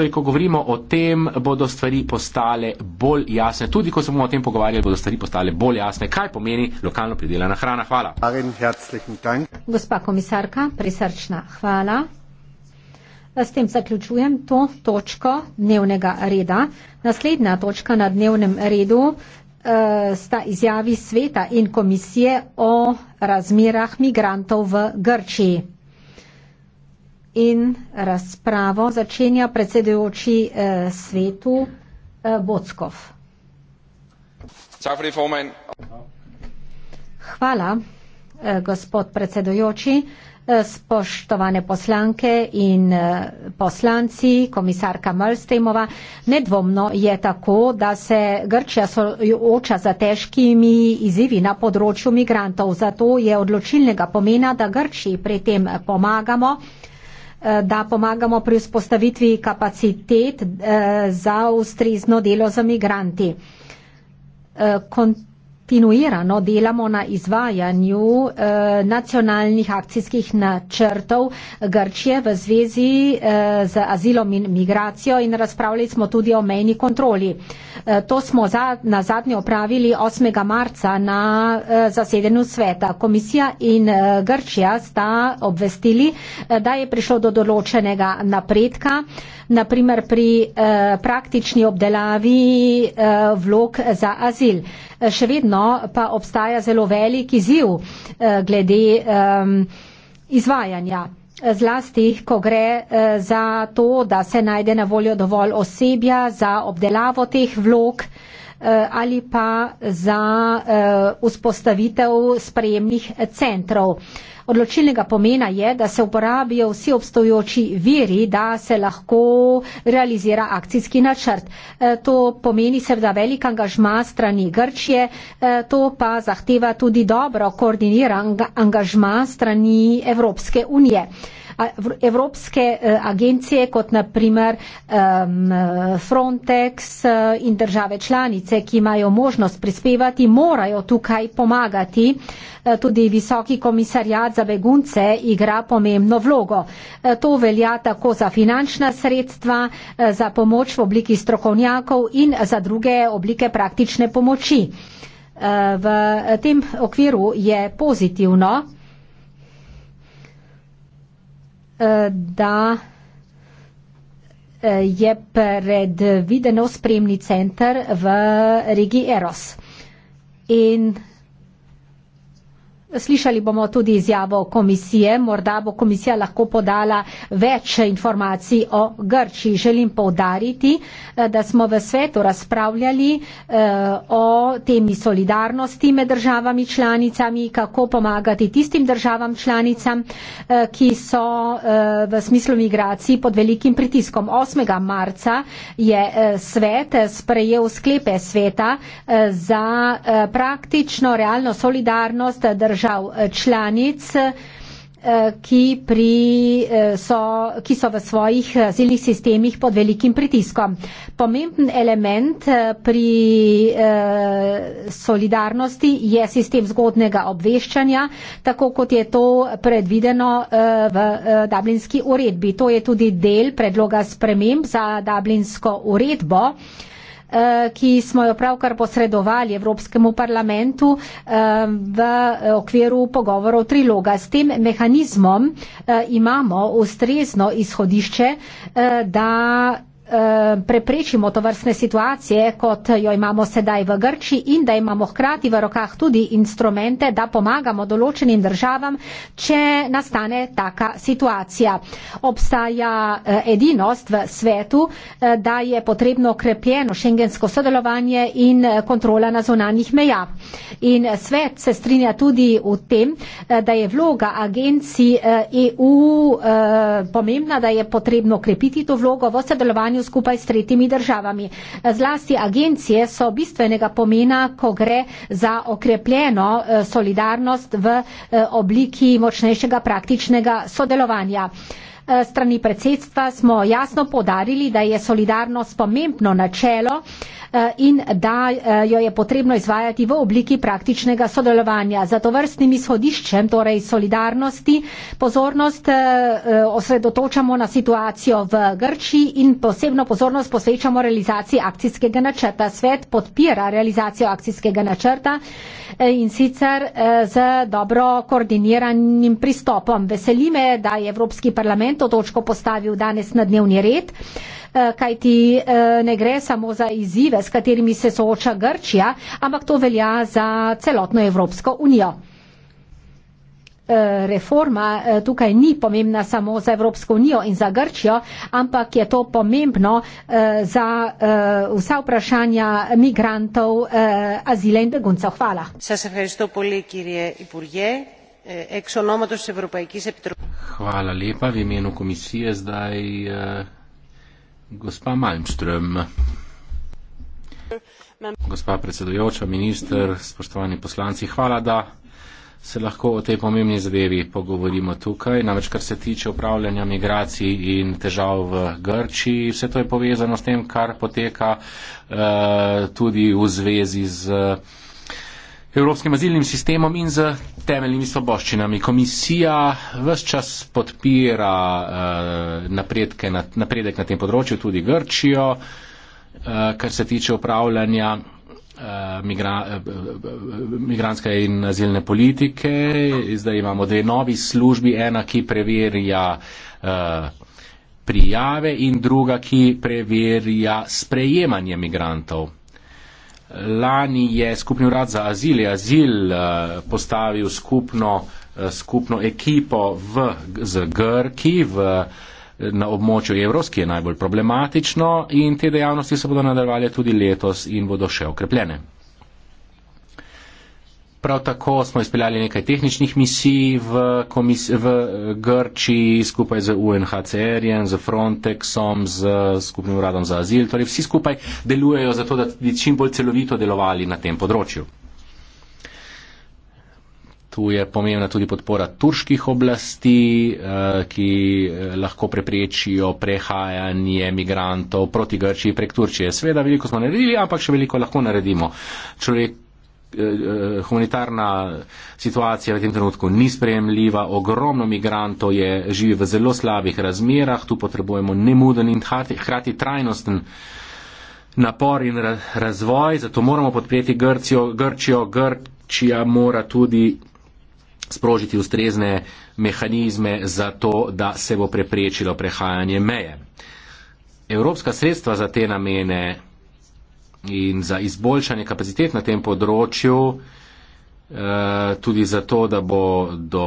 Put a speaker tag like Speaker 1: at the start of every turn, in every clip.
Speaker 1: Torej, ko govorimo o tem, bodo stvari postale bolj jasne. Tudi, ko se bomo o tem pogovarjali, bodo stvari postale bolj jasne, kaj pomeni lokalno pridelana hrana. Hvala.
Speaker 2: Gospa komisarka, prisrčna hvala. S tem zaključujem to točko dnevnega reda. Naslednja točka na dnevnem redu uh, sta izjavi sveta in komisije o razmerah migrantov v Grčiji in razpravo začenja predsedujoči eh, svetu eh, Bockov. Hvala, eh, gospod predsedujoči, eh, spoštovane poslanke in eh, poslanci, komisarka Malstejmova. Nedvomno je tako, da se Grčija sooča za težkimi izzivi na področju migrantov. Zato je odločilnega pomena, da Grčiji pri tem pomagamo. Eh, Eh, da pomagamo pri vzpostavitvi kapacitet eh, za ustrezno delo za migranti. Eh, Kont kontinuirano delamo na izvajanju eh, nacionalnih akcijskih načrtov Grčije v zvezi eh, z azilom in migracijo in razpravljali smo tudi o mejni kontroli. Eh, to smo na zadnje opravili 8. marca na zasedenju sveta. Komisija in Grčija sta obvestili, da je prišlo do določenega napredka naprimer pri eh, praktični obdelavi eh, vlog za azil. Eh, še vedno pa obstaja zelo velik izziv eh, glede eh, izvajanja. Eh, zlasti, ko gre eh, za to, da se najde na voljo dovolj osebja za obdelavo teh vlog, eh, Eh, ali pa za eh, vzpostavitev sprejemnih centrov. Odločilnega pomena je, da se uporabijo vsi obstojoči viri, da se lahko realizira akcijski načrt. Eh, to pomeni seveda velik angažma strani Grčije, to pa zahteva tudi dobro koordiniran angažma strani Evropske unije evropske eh, agencije, kot naprimer Frontex eh, in države članice, ki imajo možnost prispevati, morajo tukaj pomagati. Eh, tudi visoki komisarjat za begunce igra pomembno vlogo. To velja tako za finančna sredstva, za pomoč v obliki strokovnjakov in za druge oblike praktične pomoči. V tem okviru je pozitivno, da eh, je predviden osprejemni center v regiji Eros. In Slišali bomo tudi izjavo komisije, morda bo komisija lahko podala več informacij o Grči. Želim povdariti, eh, da smo v svetu razpravljali eh, o temi solidarnosti med državami članicami, kako pomagati tistim državam članicam, eh, ki so v smislu migracij pod velikim pritiskom. 8. marca je svet sprejel sklepe sveta za praktično realno solidarnost držav držav eh, članic, eh, ki, pri, eh, so, ki so v svojih azilnih sistemih pod velikim pritiskom. Pomemben element pri solidarnosti je sistem zgodnega obveščanja, tako kot je to predvideno v dublinski uredbi. To je tudi del predloga sprememb za dublinsko uredbo. Eh, ki smo jo pravkar posredovali Evropskemu parlamentu eh, v okviru pogovorov triloga. S tem mehanizmom eh, imamo ustrezno izhodišče, da Eh, preprečimo to vrstne situacije, kot jo imamo sedaj v Grči in da imamo hkrati v rokah tudi instrumente, da pomagamo določenim državam, če nastane taka situacija. Obstaja eh, edinost v svetu, eh, da je potrebno krepjeno šengensko sodelovanje in kontrola na zonanih meja. In svet se strinja tudi v tem, da je vloga agencij EU e pomembna, da je potrebno krepiti to vlogo v sodelovanju sodelovanju skupaj s tretjimi državami. Zlasti agencije so bistvenega pomena, ko gre za okrepljeno eh, solidarnost v eh, obliki močnejšega praktičnega sodelovanja. Eh, strani predsedstva smo jasno podarili, da je solidarnost pomembno načelo eh, in da eh, jo je potrebno izvajati v obliki praktičnega sodelovanja. Za to vrstnim izhodiščem, torej solidarnosti, pozornost osredotočamo na situacijo v Grčiji in posebno pozornost posvečamo realizaciji akcijskega načrta. Svet podpira realizacijo akcijskega načrta in sicer z dobro koordiniranim pristopom. Veseli me, da je Evropski parlament to točko postavil danes na dnevni red, eh, kaj ti eh, ne gre samo za izzive, s katerimi se sooča Grčija, ampak to velja za celotno Evropsko unijo. Eh, reforma tukaj ni pomembna samo za Evropsko unijo in za Grčijo, ampak je to pomembno za vsa vprašanja migrantov, azile in beguncev. Hvala. Eh,
Speaker 3: ex onomatous evropejkis epitropis.
Speaker 1: Hvala lepa v imenu komisije zdaj eh, gospa Malmström. Gospa predsedujoča, minister, spoštovani poslanci, hvala, da se lahko o tej pomembni zadevi pogovorimo tukaj. Namreč, kar se tiče upravljanja migracij in težav v Grčiji, vse to je povezano s tem, kar poteka eh, tudi v zvezi z. Eh, evropskim azilnim sistemom in z temeljnimi svoboščinami. Komisija vse čas podpira eh, napredke, napredek na tem področju, tudi Grčijo, eh, kar se tiče upravljanja eh, migranske in azilne politike. Zdaj imamo dve novi službi, ena, ki preverja prijave in druga, ki preverja sprejemanje migrantov. Lani je skupni urad za azil, je azil eh, postavil skupno, eh, skupno ekipo v, z Grki v, eh, na območju evros, ki je najbolj problematično in te dejavnosti se bodo nadaljevali tudi letos in bodo še okrepljene. Prav tako smo izpeljali nekaj tehničnih misij v, komis, v eh, Grčiji skupaj z UNHCR-jem, z Frontexom, z skupnim uradom za azil. Torej vsi skupaj delujejo zato, da bi čim bolj celovito delovali na tem področju. Tu je pomembna tudi podpora turških oblasti, eh, ki eh, lahko preprečijo prehajanje migrantov proti Grčiji prek Turčije. Sveda veliko smo naredili, ampak še veliko lahko naredimo. Človek Eh, humanitarna situacija v tem trenutku ni sprejemljiva, ogromno migrantov je živi v zelo slabih razmerah, tu potrebujemo nemuden in hkrati trajnosten napor in razvoj, zato moramo podpreti Grcijo, Grčijo, Grčija mora tudi sprožiti ustrezne mehanizme za to, da se bo preprečilo prehajanje meje. Evropska sredstva za te namene in za izboljšanje kapacitet na tem področju, eh, tudi zato, da bo do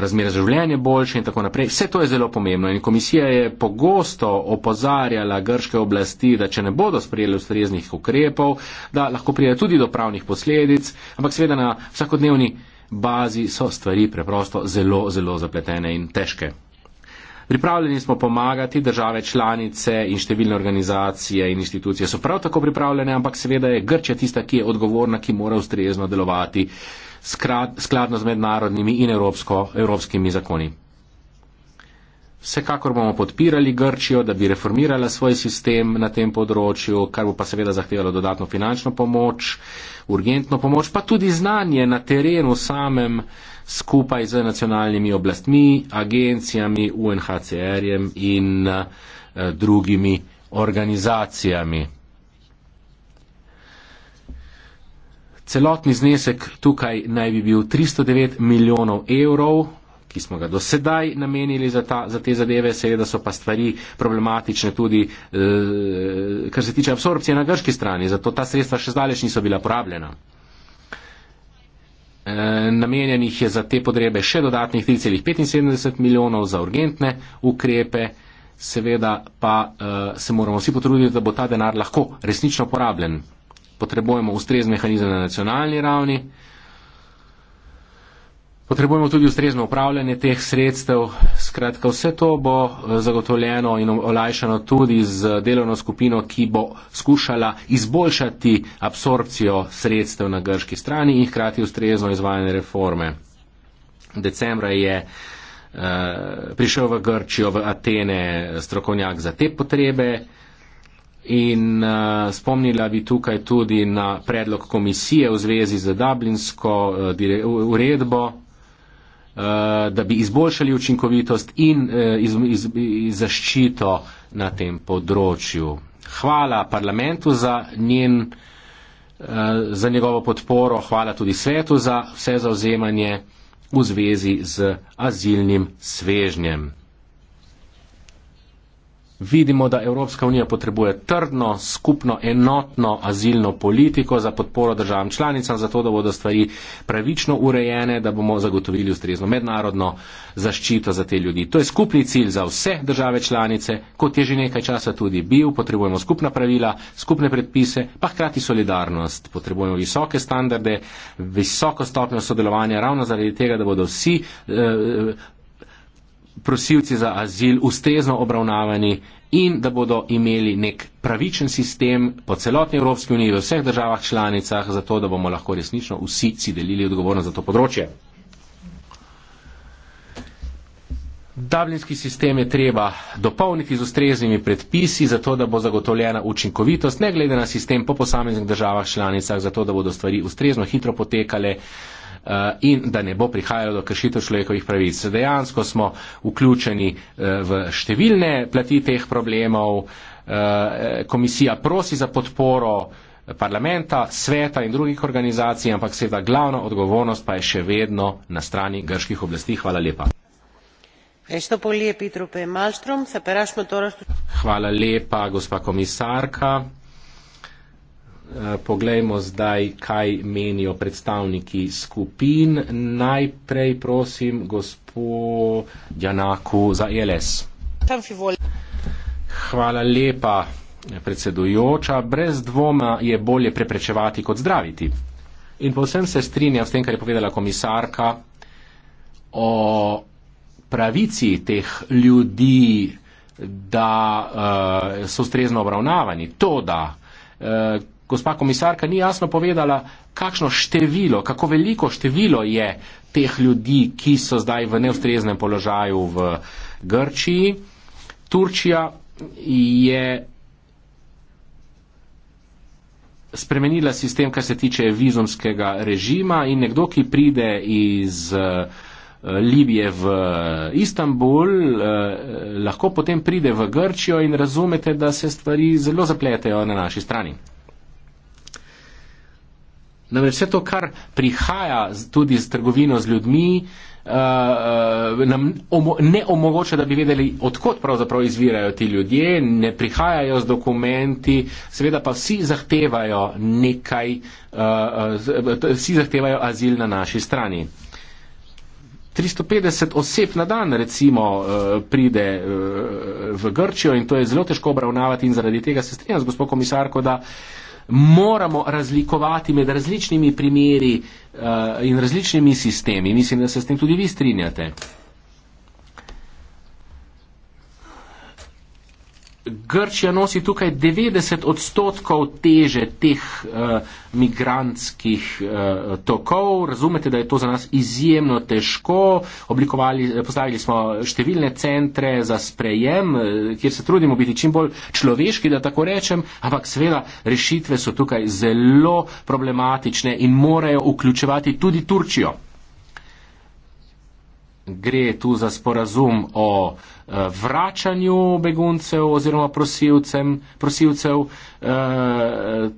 Speaker 1: razmere za življenje boljše in tako naprej. Vse to je zelo pomembno in komisija je pogosto opozarjala grške oblasti, da če ne bodo sprejeli ustreznih ukrepov, da lahko pride tudi do pravnih posledic, ampak seveda na vsakodnevni bazi so stvari preprosto zelo, zelo zapletene in težke. Pripravljeni smo pomagati, države članice in številne organizacije in institucije so prav tako pripravljene, ampak seveda je Grčija tista, ki je odgovorna, ki mora ustrezno delovati skrat, skladno z mednarodnimi in evropsko, evropskimi zakoni. Vsekakor bomo podpirali Grčijo, da bi reformirala svoj sistem na tem področju, kar bo pa seveda zahtevalo dodatno finančno pomoč, urgentno pomoč, pa tudi znanje na terenu samem skupaj z nacionalnimi oblastmi, agencijami, UNHCR-jem in eh, drugimi organizacijami. Celotni znesek tukaj naj bi bil 309 milijonov evrov, ki smo ga do sedaj namenili za, ta, za te zadeve. Seveda so pa stvari problematične tudi, eh, kar se tiče absorpcije na grški strani, zato ta sredstva še zdaleč niso bila porabljena namenjenih je za te potrebe še dodatnih 3,75 milijonov za urgentne ukrepe. Seveda pa eh, se moramo vsi potruditi, da bo ta denar lahko resnično porabljen. Potrebujemo ustrezne mehanizme na nacionalni ravni. Potrebujemo tudi ustrezno upravljanje teh sredstev, Skratka, vse to bo eh, zagotovljeno in olajšano tudi z delovno skupino, ki bo skušala izboljšati absorpcijo sredstev na grški strani in hkrati ustrezno izvajanje reforme. Decembra je eh, prišel v Grčijo, v Atene, eh, strokovnjak za te potrebe. In uh, spomnila bi tukaj tudi na predlog komisije v zvezi z Dublinsko uh, dire, uredbo, Eh, da bi izboljšali učinkovitost in eh, iz, iz, iz, zaščito na tem področju. Hvala parlamentu za, njen, eh, za njegovo podporo, hvala tudi svetu za vse zauzemanje v zvezi z azilnim svežnjem. Vidimo, da Evropska unija potrebuje trdno, skupno, enotno azilno politiko za podporo državam članicam, zato da bodo stvari pravično urejene, da bomo zagotovili ustrezno mednarodno zaščito za te ljudi. To je skupni cilj za vse države članice, kot je že nekaj časa tudi bil. Potrebujemo skupna pravila, skupne predpise, pa hkrati solidarnost. Potrebujemo visoke standarde, visoko stopnjo sodelovanja, ravno zaradi tega, da bodo vsi eh, prosilci za azil ustrezno obravnavani in da bodo imeli nek pravičen sistem po celotni Evropski uniji, v vseh državah članicah, zato da bomo lahko resnično vsi si delili odgovornost za to področje. Dublinski sistem je treba dopolniti z ustreznimi predpisi, zato da bo zagotovljena učinkovitost, ne glede na sistem po posameznih državah članicah, zato da bodo stvari ustrezno hitro potekale. Uh, Eh, in da ne bo prihajalo do kršitev človekovih pravic. Dejansko smo vključeni eh, v številne plati teh problemov. Eh, komisija prosi za podporo parlamenta, sveta in drugih organizacij, ampak seveda glavna odgovornost pa je še vedno na strani grških oblasti. Hvala lepa. Hvala lepa, gospa komisarka. Eh, poglejmo zdaj, kaj menijo predstavniki skupin. Najprej prosim gospod Janaku za ELS. Hvala lepa, predsedujoča. Brez dvoma je bolje preprečevati kot zdraviti. In povsem se strinjam s tem, kar je povedala komisarka o pravici teh ljudi, da uh, so strezno obravnavani. To, da uh, gospa komisarka ni jasno povedala, kakšno število, kako veliko število je teh ljudi, ki so zdaj v neustreznem položaju v Grčiji. Turčija je spremenila sistem, kar se tiče vizumskega režima in nekdo, ki pride iz eh, Libije v eh, Istanbul, eh, lahko potem pride v Grčijo in razumete, da se stvari zelo zapletejo na naši strani. Namreč vse to, kar prihaja tudi z trgovino z ljudmi, eh, eh, nam ne omogoča, da bi vedeli, odkot pravzaprav izvirajo ti ljudje, ne prihajajo z dokumenti, seveda pa vsi zahtevajo nekaj, eh, vsi zahtevajo azil na naši strani. 350 oseb na dan recimo pride v Grčijo in to je zelo težko obravnavati in zaradi tega se strinjam z gospod komisarko, da moramo razlikovati med različnimi primeri uh, in različnimi sistemi. Mislim, da se s tem tudi vi strinjate. Grčija nosi tukaj 90 odstotkov teže teh uh, migrantskih uh, tokov. Razumete, da je to za nas izjemno težko. Oblikovali, postavili smo številne centre za sprejem, eh, kjer se trudimo biti čim bolj človeški, da tako rečem, ampak seveda rešitve so tukaj zelo problematične in morajo vključevati tudi Turčijo. Gre tu za sporazum o e, vračanju beguncev oziroma prosilcev. E,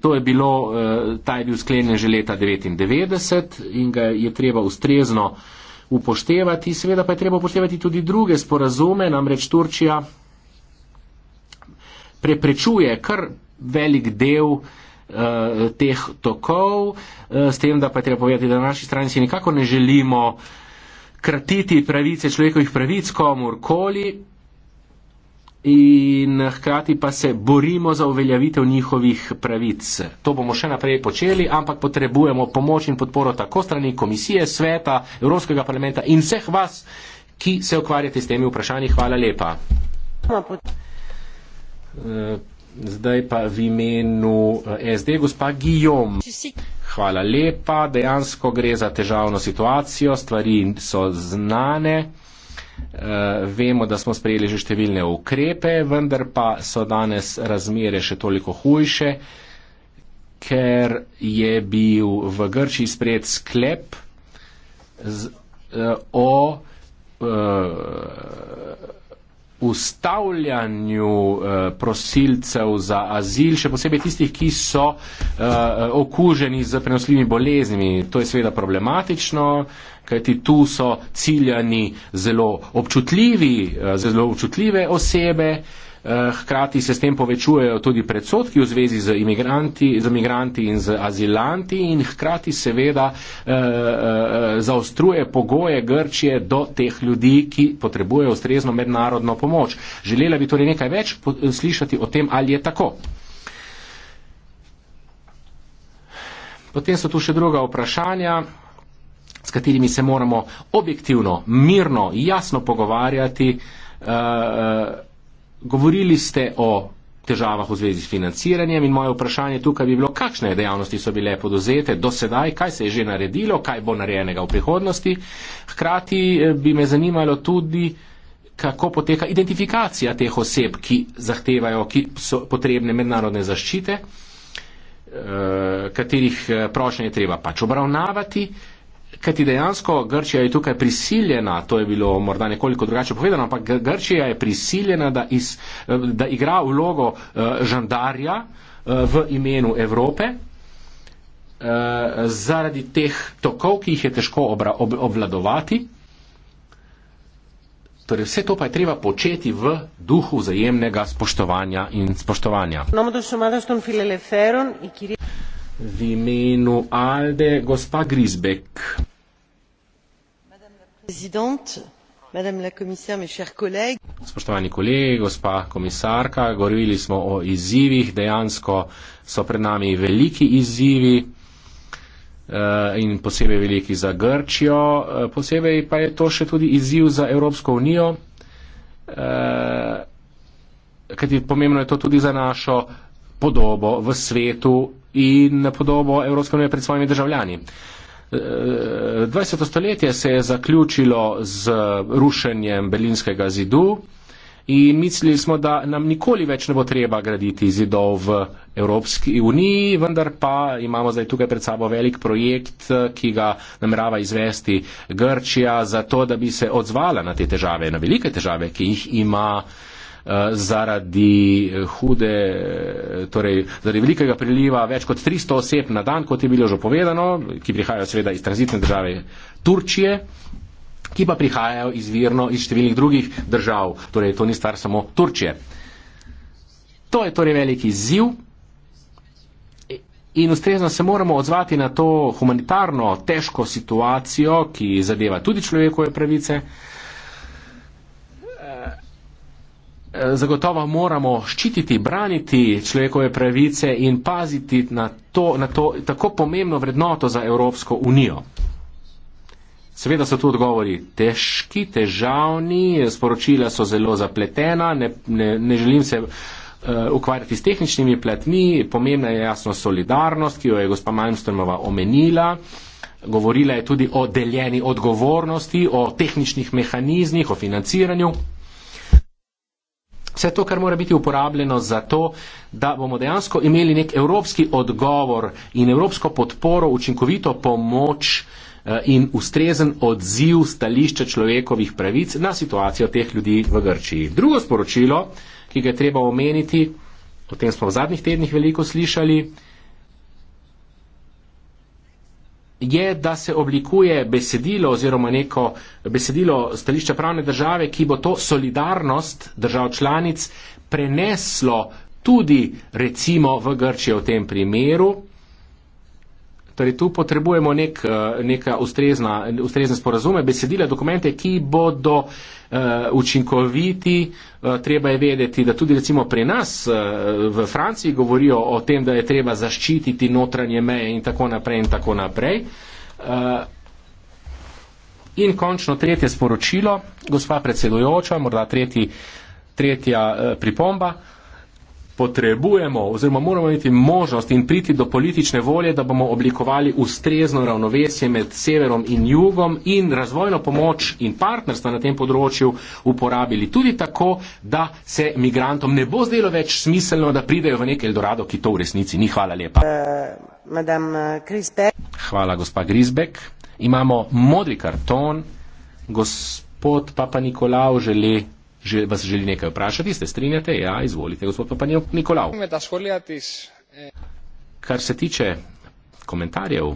Speaker 1: to je bilo, e, ta je bil sklenjen že leta 1999 in ga je treba ustrezno upoštevati. Seveda pa je treba upoštevati tudi druge sporazume, namreč Turčija preprečuje kar velik del e, teh tokov, e, s tem, da pa je treba povedati, da na naši strani si nikako ne želimo kratiti pravice človekovih pravic komorkoli in hkrati pa se borimo za uveljavitev njihovih pravic. To bomo še naprej počeli, ampak potrebujemo pomoč in podporo tako strani komisije, sveta, Evropskega parlamenta in vseh vas, ki se ukvarjate s temi vprašanji. Hvala lepa. Eh, zdaj pa v imenu eh, SD, gospa Guillaume. Hvala lepa, dejansko gre za težavno situacijo, stvari so znane, e, vemo, da smo sprejeli že številne ukrepe, vendar pa so danes razmere še toliko hujše, ker je bil v Grčiji sprejet sklep z, e, o. E, ustavljanju uh, prosilcev za azil, še posebej tistih, ki so uh, okuženi z prenosljivimi boleznimi. To je seveda problematično, kajti tu so ciljani zelo občutljivi, uh, zelo občutljive osebe. Uh, Eh, hkrati se s tem povečujejo tudi predsotki v zvezi z imigranti, z imigranti in z azilanti in hkrati seveda eh, eh, zaostruje pogoje Grčije do teh ljudi, ki potrebujejo ustrezno mednarodno pomoč. Želela bi torej nekaj več slišati o tem, ali je tako. Potem so tu še druga vprašanja s katerimi se moramo objektivno, mirno, jasno pogovarjati, uh, Govorili ste o težavah v zvezi s financiranjem in moje vprašanje tukaj bi bilo, kakšne dejavnosti so bile podozete do sedaj, kaj se je že naredilo, kaj bo narejenega v prihodnosti. Hkrati eh, bi me zanimalo tudi, kako poteka identifikacija teh oseb, ki zahtevajo, ki so potrebne mednarodne zaščite, eh, katerih eh, prošnje je treba pač obravnavati. Kajti dejansko Grčija je tukaj prisiljena, to je bilo morda nekoliko drugače povedano, ampak Grčija je prisiljena, da, iz, da igra vlogo uh, žandarja uh, v imenu Evrope uh, zaradi teh tokov, ki jih je težko obra, ob, obvladovati. Torej, vse to pa je treba početi v duhu vzajemnega spoštovanja in spoštovanja. V imenu Alde, gospa Grizbek spoštovani kolegi, gospa komisarka, govorili smo o izzivih, dejansko so pred nami veliki izzivi eh, in posebej veliki za Grčijo, eh, posebej pa je to še tudi izziv za Evropsko unijo, eh, kajti pomembno je to tudi za našo podobo v svetu in podobo Evropske unije pred svojimi državljani. 20. Eh, stoletje se je zaključilo z rušenjem Berlinskega zidu in mislili smo, da nam nikoli več ne bo treba graditi zidov v Evropski uniji, vendar pa imamo zdaj tukaj pred sabo velik projekt, eh, ki ga namerava izvesti Grčija, zato da bi se odzvala na te težave, na velike težave, ki jih ima. Eh, zaradi eh, hude, eh, torej zaradi velikega priliva več kot 300 oseb na dan, kot je bilo že povedano, ki prihajajo seveda iz tranzitne države Turčije ki pa prihajajo izvirno iz številnih drugih držav. Torej, to ni star samo Turčije. To je torej veliki izziv in ustrezno se moramo odzvati na to humanitarno težko situacijo, ki zadeva tudi človekove pravice. Uh, zagotovo moramo ščititi, braniti človekove pravice in paziti na to, na to tako pomembno vrednoto za Evropsko unijo. Seveda so tu odgovori težki, težavni, sporočila so zelo zapletena, ne, ne, ne želim se eh, ukvarjati s tehničnimi pletmi, pomembna je jasno solidarnost, ki jo je gospa Malmstrmova omenila. Govorila je tudi o deljeni odgovornosti, o tehničnih mehanizmih, o financiranju vse to, kar mora biti uporabljeno za to, da bomo dejansko imeli nek evropski odgovor in evropsko podporo, učinkovito pomoč eh, in ustrezen odziv stališča človekovih pravic na situacijo teh ljudi v Grčiji. Drugo sporočilo, ki ga je treba omeniti, o tem smo v zadnjih tednih veliko slišali, je, da se oblikuje besedilo oziroma neko besedilo stališča pravne države, ki bo to solidarnost držav članic preneslo tudi recimo v Grčijo v tem primeru. Torej, tu potrebujemo nek, eh, neka ustrezna, ustrezna sporazume, besedila, dokumente, ki bodo uh, učinkoviti. Uh, treba je vedeti, da tudi recimo pri nas uh, v Franciji govorijo o tem, da je treba zaščititi notranje meje in tako naprej in tako naprej. Uh, in končno tretje sporočilo, gospa predsedujoča, morda tretji, tretja uh, pripomba. Uh, potrebujemo oziroma moramo imeti možnost in priti do politične volje, da bomo oblikovali ustrezno ravnovesje med severom in jugom in razvojno pomoč in partnerstva na tem področju uporabili tudi tako, da se migrantom ne bo zdelo več smiselno, da pridejo v nek Eldorado, ki to v resnici ni. Hvala lepa.
Speaker 3: Eh, eh,
Speaker 1: Hvala, gospa Grisbek. Imamo modri karton. Gospod Papa Nikolao želi že, vas želi nekaj vprašati, ste strinjate, ja, izvolite, gospod Papanjo Nikolav. Eh. Kar se tiče komentarjev,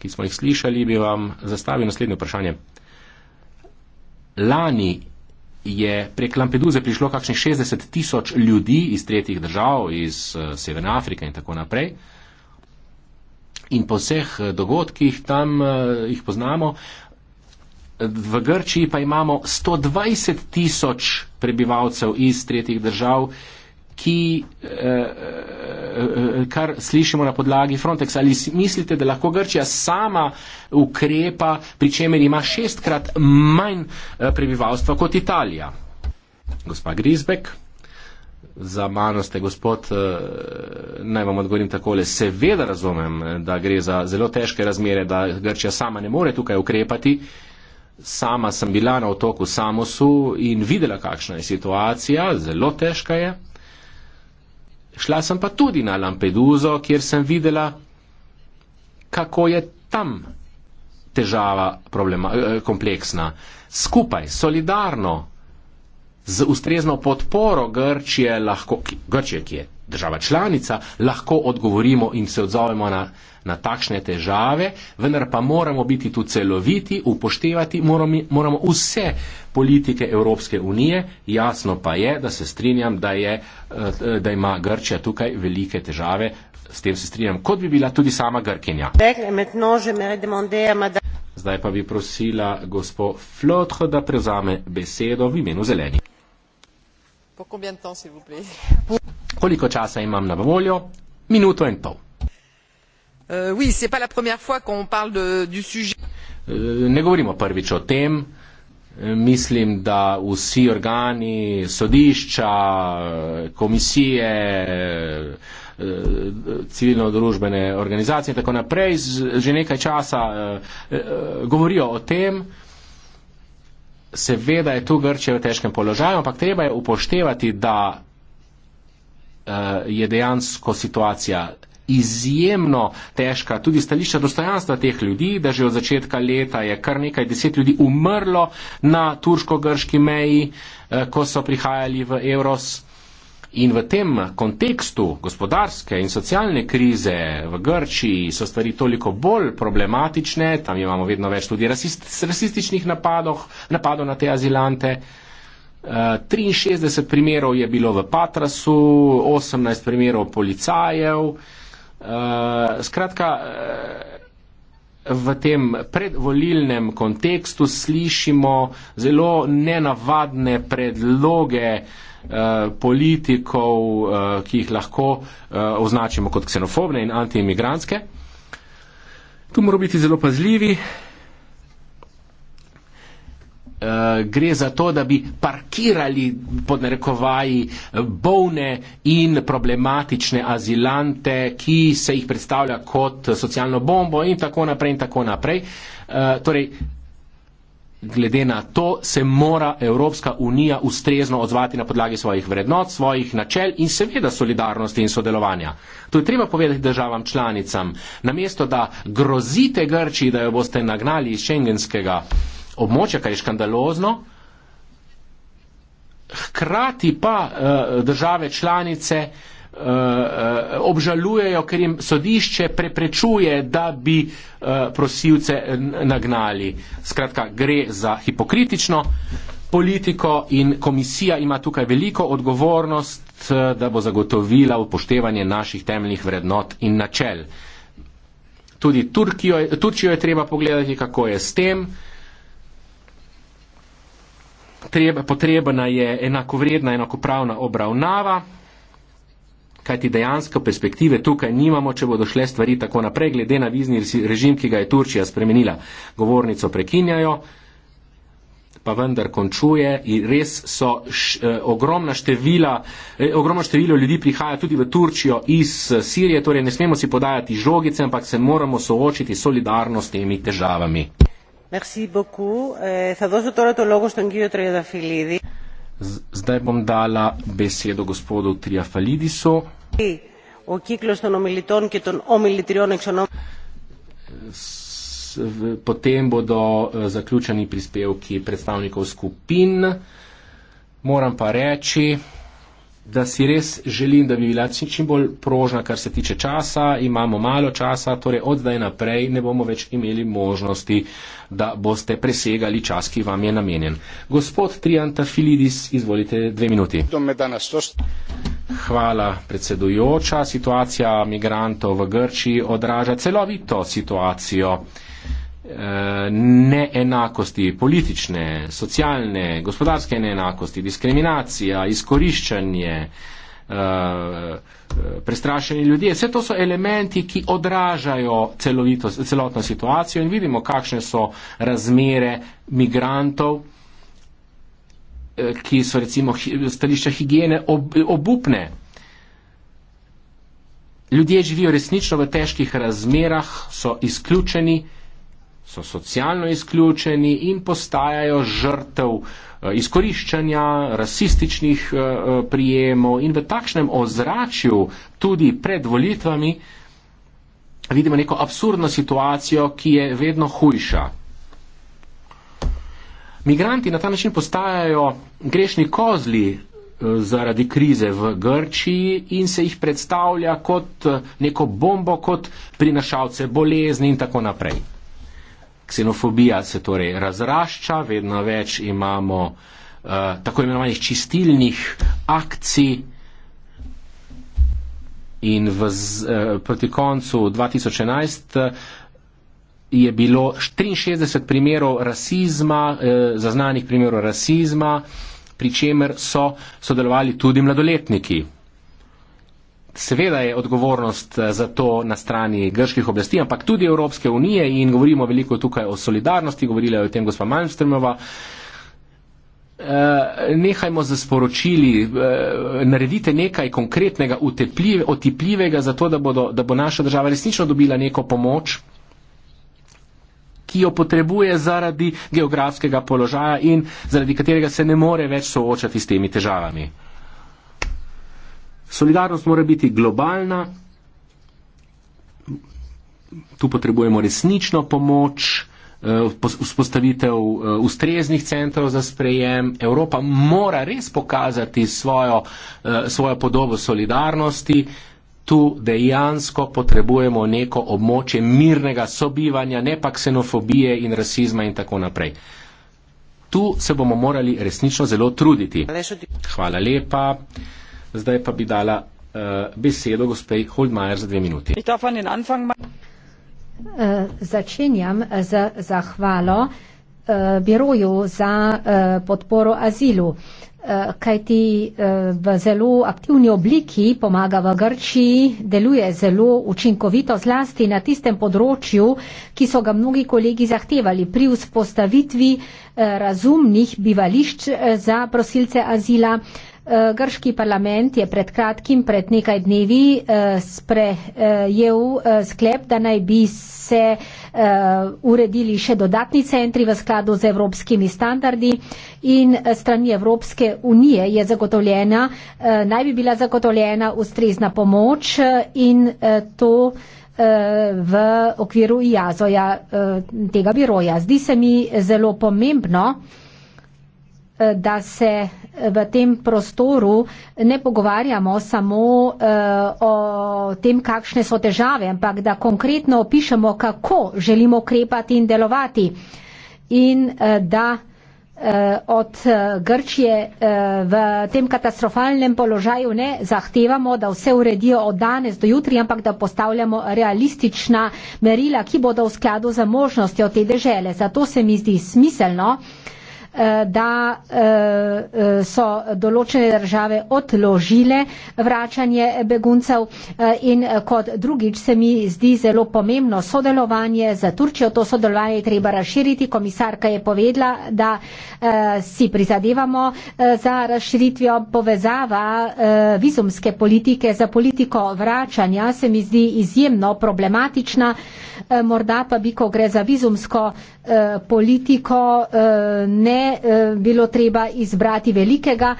Speaker 1: ki smo jih slišali, bi vam zastavil naslednje vprašanje. Lani je prek Lampeduze prišlo kakšnih 60 tisoč ljudi iz tretjih držav, iz eh, Severne Afrike in tako naprej. In po vseh eh, dogodkih tam jih poznamo, v Grčiji pa imamo 120 tisoč prebivalcev iz tretjih držav, ki, eh, eh, kar slišimo na podlagi Frontex. Ali mislite, da lahko Grčija sama ukrepa, pri čemer ima šestkrat manj eh, prebivalstva kot Italija? Gospa Grisbek. Za mano ste, gospod, naj vam odgovorim takole. Seveda razumem, da gre za zelo težke razmere, da Grčija sama ne more tukaj ukrepati. Sama sem bila na otoku Samosu in videla, kakšna je situacija, zelo težka je. Šla sem pa tudi na Lampeduzo, kjer sem videla, kako je tam težava problema, eh, kompleksna. Skupaj, solidarno, z ustrezno podporo Grčije, lahko, Grčije, ki je država članica, lahko odgovorimo in se odzovemo na, na takšne težave, vendar pa moramo biti tu celoviti, upoštevati, moramo, moramo vse politike Evropske unije, jasno pa je, da se strinjam, da, je, eh, da ima Grčija tukaj velike težave, s tem se strinjam, kot bi bila tudi sama Grkinja. Zdaj pa bi prosila gospod Flotho, da prevzame besedo v imenu zelenih.
Speaker 3: Po koliko časa, prosim?
Speaker 1: Koliko časa imam na voljo? Minuto in pol. Uh, oui, c'est pas la première fois qu'on parle de, du sujet. Uh, ne govorimo prvič o tem. Mislim, da vsi organi, sodišča, komisije, eh, civilno-družbene organizacije in tako naprej že nekaj časa eh, eh, govorijo o tem. Seveda je tu Grčija v težkem položaju, ampak treba je upoštevati, da uh, je dejansko situacija izjemno težka, tudi stališča dostojanstva teh ljudi, da že od začetka leta je kar nekaj deset ljudi umrlo na turško-grški meji, uh, ko so prihajali v Euros. In v tem kontekstu gospodarske in socialne krize v Grčiji so stvari toliko bolj problematične, tam imamo vedno več tudi rasist, rasističnih napadov, napadov na te azilante. Uh, 63 eh, primerov je bilo v Patrasu, 18 primerov policajev. Eh, skratka, eh, v tem predvolilnem kontekstu slišimo zelo nenavadne predloge politikov, ki jih lahko označimo kot ksenofobne in antiimigranske. Tu moramo biti zelo pazljivi, uh, gre za to, da bi parkirali pod narekovaji eh, bovne in problematične azilante, ki se jih predstavlja kot socialno bombo in tako naprej in tako naprej. Uh, torej, Glede na to se mora Evropska unija ustrezno odzvati na podlagi svojih vrednot, svojih načel in seveda solidarnosti in sodelovanja. To je treba povedati državam članicam. Namesto da grozite Grči, da jo boste nagnali iz šengenskega uh, območja, kar je škandalozno. Hkrati pa uh, države članice uh, uh, obžalujejo, ker jim sodišče preprečuje, da bi uh, prosilce nagnali. Skratka, gre za hipokritično politiko in komisija ima tukaj veliko odgovornost, uh, da bo zagotovila upoštevanje naših temeljnih vrednot in načel. Tudi Turčijo je treba pogledati, kako je s tem. Uh, treba, potrebna je enakovredna, enakopravna obravnava, kajti dejansko perspektive tukaj nimamo, če bodo šle stvari tako naprej, glede na vizni režim, ki ga je Turčija spremenila. Govornico prekinjajo, pa vendar končuje in res so š, eh, ogromna števila, eh, ogromno število ljudi prihaja tudi v Turčijo iz eh, Sirije, torej ne smemo si podajati žogice, ampak se moramo soočiti solidarno s temi težavami.
Speaker 3: Eh,
Speaker 1: zdaj bom dala besedo gospodu Triafalidisu. Potem bodo eh, zaključeni prispevki predstavnikov skupin. Moram pa reči, da si res želim, da bi bila čim bolj prožna, kar se tiče časa, imamo malo časa, torej od zdaj naprej ne bomo več imeli možnosti, da boste presegali čas, ki vam je namenjen. Gospod Trianta Filidis, izvolite dve minuti. Hvala, predsedujoča. Situacija migrantov v Grčiji odraža celovito situacijo. Eh, neenakosti, politične, socialne, gospodarske neenakosti, diskriminacija, izkoriščanje, eh, prestrašeni ljudje. Vse to so elementi, ki odražajo celovito, celotno situacijo in vidimo, kakšne so razmere migrantov, eh, ki so recimo stališča higiene obupne. Ljudje živijo resnično v težkih razmerah, so izključeni, so socialno izključeni in postajajo žrtev eh, izkoriščanja rasističnih eh, eh, prijemov in v takšnem ozračju tudi pred volitvami vidimo neko absurdno situacijo, ki je vedno hujša. Migranti na ta način postajajo grešni kozli zaradi krize v Grčiji in se jih predstavlja kot neko bombo, kot prinašalce bolezni in tako naprej ksenofobija se torej razrašča, vedno več imamo uh, tako imenovanih čistilnih akcij in v, uh, proti koncu 2011 eh, je bilo 63 primerov rasizma, eh, zaznanih primerov rasizma, pri čemer so sodelovali tudi mladoletniki. Seveda je odgovornost eh, za to na strani grških oblasti, ampak tudi Evropske unije in govorimo veliko tukaj o solidarnosti, govorila je o tem gospa Malmstrmova. Eh, nehajmo z sporočili, eh, naredite nekaj konkretnega, utepljive, otipljivega, zato da, bodo, da bo naša država resnično dobila neko pomoč, ki jo potrebuje zaradi geografskega položaja in zaradi katerega se ne more več soočati s temi težavami. Solidarnost mora biti globalna, tu potrebujemo resnično pomoč, eh, vzpostavitev eh, ustreznih centrov za sprejem. Evropa mora res pokazati svojo, eh, svojo podobo solidarnosti. Tu dejansko potrebujemo neko območje mirnega sobivanja, ne pa ksenofobije in rasizma in tako naprej. Tu se bomo morali resnično zelo truditi. Hvala lepa. Zdaj pa bi dala uh, besedo gospej Holdmajer za dve minuti.
Speaker 2: Eh, začenjam z zahvalo uh, biroju za uh, podporo azilu, uh, kajti uh, v zelo aktivni obliki pomaga v Grčiji, deluje zelo učinkovito zlasti na tistem področju, ki so ga mnogi kolegi zahtevali pri vzpostavitvi uh, razumnih bivališč uh, za prosilce azila. Uh, Eh, grški parlament je pred kratkim, pred nekaj dnevi, eh, sprejel eh, sklep, da naj bi se uredili še dodatni centri v skladu z evropskimi standardi in strani Evropske unije je zagotovljena, naj bi bila zagotovljena ustrezna pomoč in to v okviru IAZO-ja tega biroja. Zdi se mi zelo pomembno, Eh, da se eh, v tem prostoru ne pogovarjamo samo eh, o tem, kakšne so težave, ampak da konkretno opišemo, kako želimo ukrepati in delovati. In da od Grčije v tem katastrofalnem položaju ne zahtevamo, da vse uredijo od danes do jutri, ampak da postavljamo realistična merila, ki bodo v skladu z možnostjo te države. Zato se mi zdi smiselno, Eh, da eh, eh, so določene države odložile vračanje beguncev in kot drugič se mi zdi zelo pomembno sodelovanje za Turčijo. To sodelovanje je treba razširiti. Komisarka je povedala, da si prizadevamo za razširitvijo povezava vizumske politike za politiko vračanja. Se mi zdi izjemno problematična. Morda pa bi, ko gre za vizumsko Eh, politiko eh, ne eh, bilo treba izbrati velikega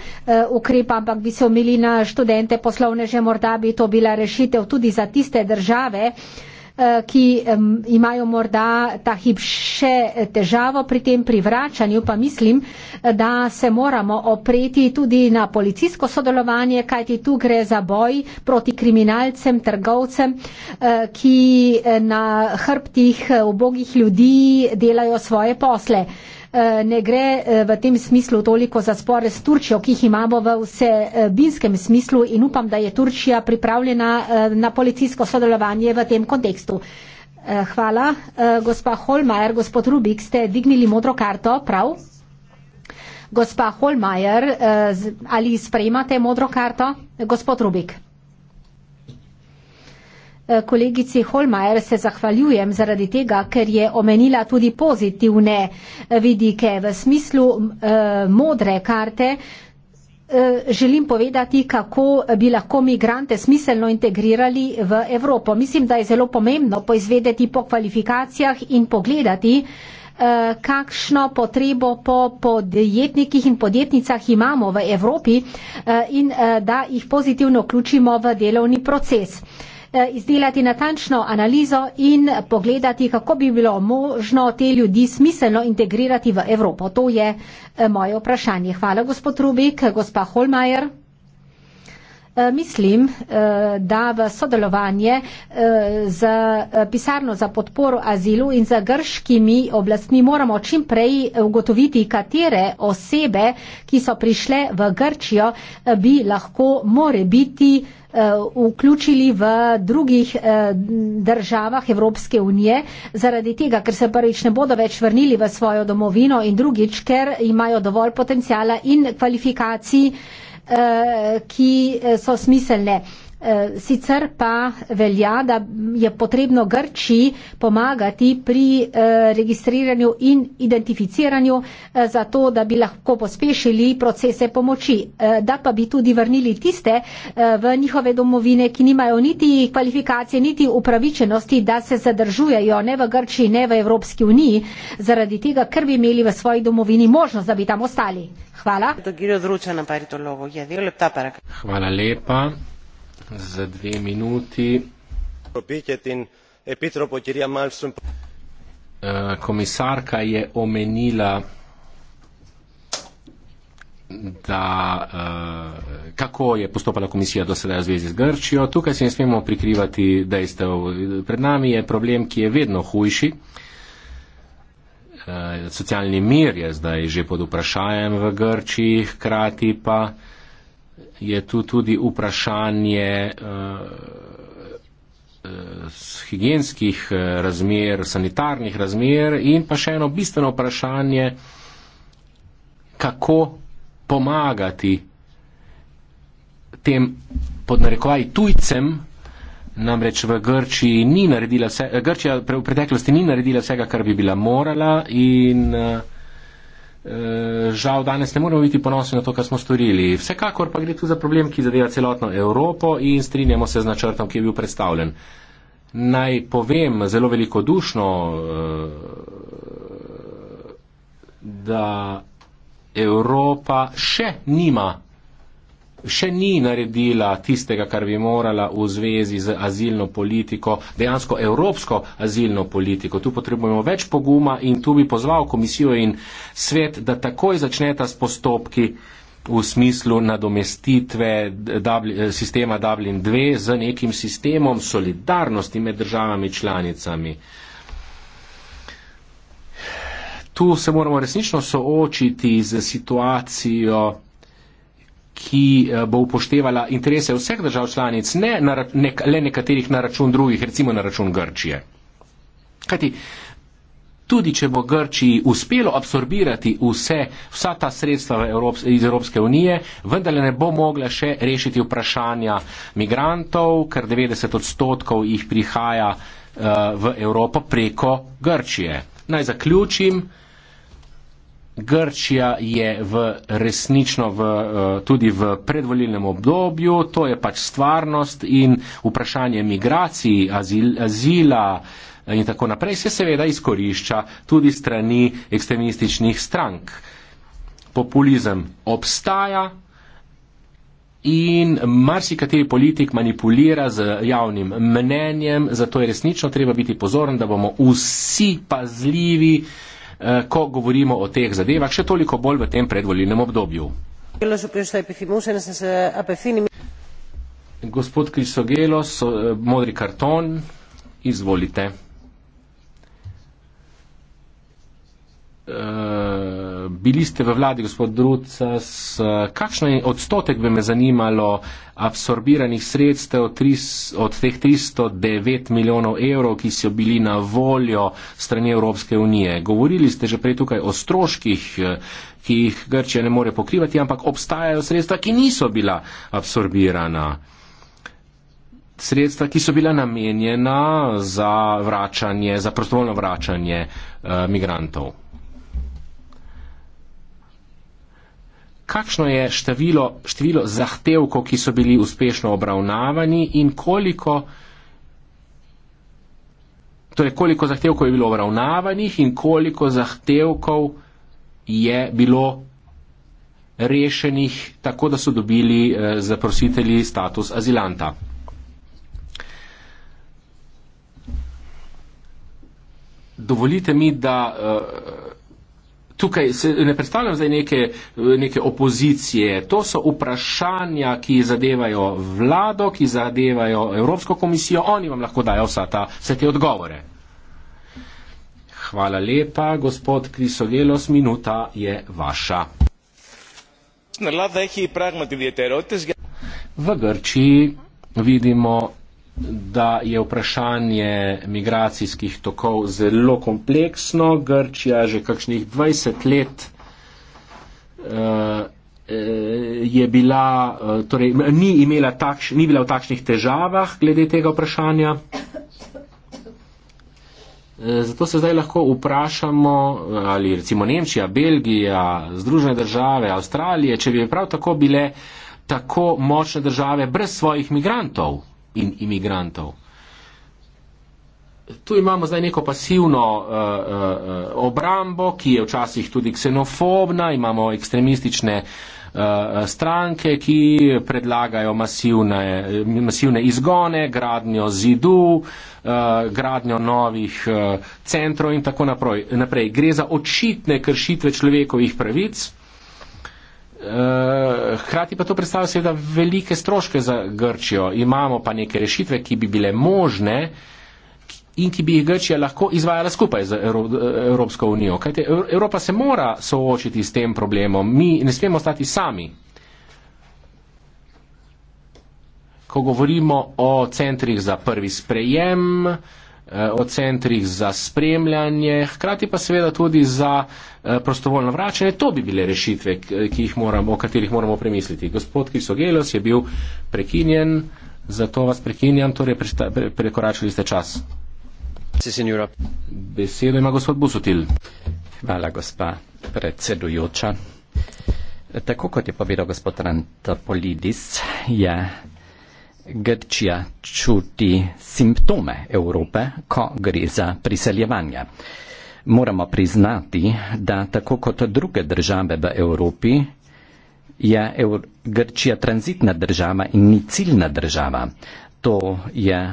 Speaker 2: ukrepa, ampak bi se omili na študente poslovneže, morda bi to bila rešitev tudi za tiste države, Eh, ki imajo morda ta hip še težavo pri tem privračanju, pa mislim, da se moramo opreti tudi na policijsko sodelovanje, kajti tu gre za boj proti kriminalcem, trgovcem, eh, ki eh, na hrbtih ubogih ljudi delajo svoje posle. Eh, ne gre eh, v tem smislu toliko za spore s Turčijo, ki jih imamo v vsebinskem smislu in upam, da je Turčija pripravljena eh, na policijsko sodelovanje v tem kontekstu. Hvala. Gospa Holmajer, gospod Rubik, ste dignili modro karto, prav? Gospa Holmajer, ali sprejmate modro karto? Gospod Rubik. Eh, kolegici Holmajer se zahvaljujem zaradi tega, ker je omenila tudi pozitivne eh, vidike v smislu eh, modre karte. Eh, želim povedati, kako bi lahko migrante smiselno integrirali v Evropo. Mislim, da je zelo pomembno poizvedeti po kvalifikacijah in pogledati, kakšno potrebo po podjetnikih in podjetnicah imamo v Evropi in da jih pozitivno vključimo v delovni proces. Eh, izdelati natančno analizo in pogledati, kako bi bilo možno te ljudi smiselno integrirati v Evropo. To je eh, moje vprašanje. Hvala, gospod Rubik. Gospa Holmajer. Eh, mislim, eh, da v sodelovanje eh, z pisarno za podporo azilu in za grškimi oblastmi moramo čim prej ugotoviti, katere osebe, ki so prišle v Grčijo, bi lahko more biti vključili v drugih državah Evropske unije, zaradi tega, ker se prvič ne bodo več vrnili v svojo domovino in drugič, ker imajo dovolj potencijala in kvalifikacij. Eh, ki eh, so smiselne. Eh, sicer pa velja, da je potrebno Grči pomagati pri eh, registriranju in identificiranju eh, za to, da bi lahko pospešili procese pomoči, da pa bi tudi vrnili tiste v njihove domovine, ki nimajo niti kvalifikacije, niti upravičenosti, da se zadržujejo ne v Grči, ne v Evropski uniji, zaradi tega, ker bi imeli v svoji domovini možnost, da bi tam ostali. Hvala.
Speaker 1: Hvala lepa. Eh, komisarka je omenila da eh, kako je postopala komisija do sedaj v zvezi z Grčijo. Tukaj se ne smemo prikrivati dejstev. Pred nami je problem, ki je vedno hujši. Eh, socialni mir je zdaj že pod vprašajem v Grčiji, hkrati pa je tu tudi vprašanje uh, eh, uh, eh, higijenskih eh, razmer, sanitarnih razmer in pa še eno bistveno vprašanje, kako pomagati tem podnarekovaj tujcem, namreč v Grčiji ni naredila vse, Grčija v preteklosti ni naredila vsega, kar bi bila morala in uh, Eh, žal danes ne moremo biti ponosni na to, kar smo storili. Vsekakor pa gre tu za problem, ki zadeva celotno Evropo in strinjamo se z načrtom, ki je bil predstavljen. Naj povem zelo velikodušno, eh, da Evropa še nima še ni naredila tistega, kar bi morala v zvezi z azilno politiko, dejansko evropsko azilno politiko. Tu potrebujemo več poguma in tu bi pozval komisijo in svet, da takoj začneta s postopki v smislu nadomestitve sistema Dublin 2 z nekim sistemom solidarnosti med državami članicami. Tu se moramo resnično soočiti z situacijo, ki eh, bo upoštevala interese vseh držav članic, ne na, nek, le nekaterih na račun drugih, recimo na račun Grčije. Kajti, tudi če bo Grčiji uspelo absorbirati vse, vsa ta sredstva Evrop, iz Evropske unije, vendar ne bo mogla še rešiti vprašanja migrantov, ker 90 odstotkov jih prihaja uh, v Evropo preko Grčije. Naj zaključim. Uh, Grčija je v resnično v, eh, tudi v predvolilnem obdobju, to je pač stvarnost in vprašanje migracij, azil, azila in tako naprej se seveda izkorišča tudi strani ekstremističnih strank. Populizem obstaja in marsikateri politik manipulira z javnim mnenjem, zato je resnično treba biti pozoren, da bomo vsi pazljivi, Eh, ko govorimo o teh zadevah, še toliko bolj v tem predvoljenem obdobju. Gospod Krisogelos, eh, modri karton, izvolite. Uh, bili ste v vladi, gospod Drucas, kakšen odstotek bi me zanimalo absorbiranih sredstev od teh 309 milijonov evrov, ki so bili na voljo strani Evropske unije? Govorili ste že prej tukaj o stroških, eh, ki jih Grčija ne more pokrivati, ampak obstajajo sredstva, ki niso bila absorbirana. Sredstva, ki so bila namenjena za vračanje, za prostovoljno vračanje uh, migrantov. kakšno je število, število zahtevkov, ki so bili uspešno obravnavani in koliko, torej koliko zahtevkov je bilo obravnavanih in koliko zahtevkov je bilo rešenih tako, da so dobili eh, zaprositelji status azilanta. Dovolite mi, da. Eh, Tukaj se ne predstavljam zdaj neke, neke opozicije. To so vprašanja, ki zadevajo vlado, ki zadevajo Evropsko komisijo. Oni vam lahko dajo vsa ta, vse te odgovore. Hvala lepa, gospod Krisogelos, minuta je vaša. V Grčiji vidimo da je vprašanje migracijskih tokov zelo kompleksno. Grčija že kakšnih 20 let uh, je bila, uh, torej ni, takš, ni bila v takšnih težavah glede tega vprašanja. Zato se zdaj lahko vprašamo, ali recimo Nemčija, Belgija, Združene države, Avstralije, če bi prav tako bile tako močne države brez svojih migrantov, in imigrantov. Tu imamo zdaj neko pasivno uh, uh, obrambo, ki je včasih tudi ksenofobna, imamo ekstremistične eh, stranke, ki predlagajo masivne, masivne izgone, gradnjo zidu, gradnjo novih centrov in tako naprej. Gre za očitne kršitve človekovih pravic. Eh, hkrati pa to predstavlja seveda velike stroške za Grčijo. Imamo pa neke rešitve, ki bi bile možne in ki bi jih Grčija lahko izvajala skupaj z Evropsko unijo. Kajte, Evropa se mora soočiti s tem problemom. Mi ne smemo stati sami. Ko govorimo o centrih za prvi sprejem, uh, Eh, o centrih za spremljanje, hkrati pa seveda tudi za eh, prostovoljno vračanje. To bi bile rešitve, moramo, o katerih moramo premisliti. Gospod Kisogelos je bil prekinjen, zato vas prekinjam, torej prekoračili ste čas. Besedo ima gospod Busutil. Hvala, gospa predsedujoča.
Speaker 4: Tako kot je povedal gospod Rantopolidis, je Grčija čuti simptome Evrope, ko gre za priseljevanje. Moramo priznati, da tako kot druge države v Evropi, je Evr Grčija tranzitna država in ni ciljna država. To je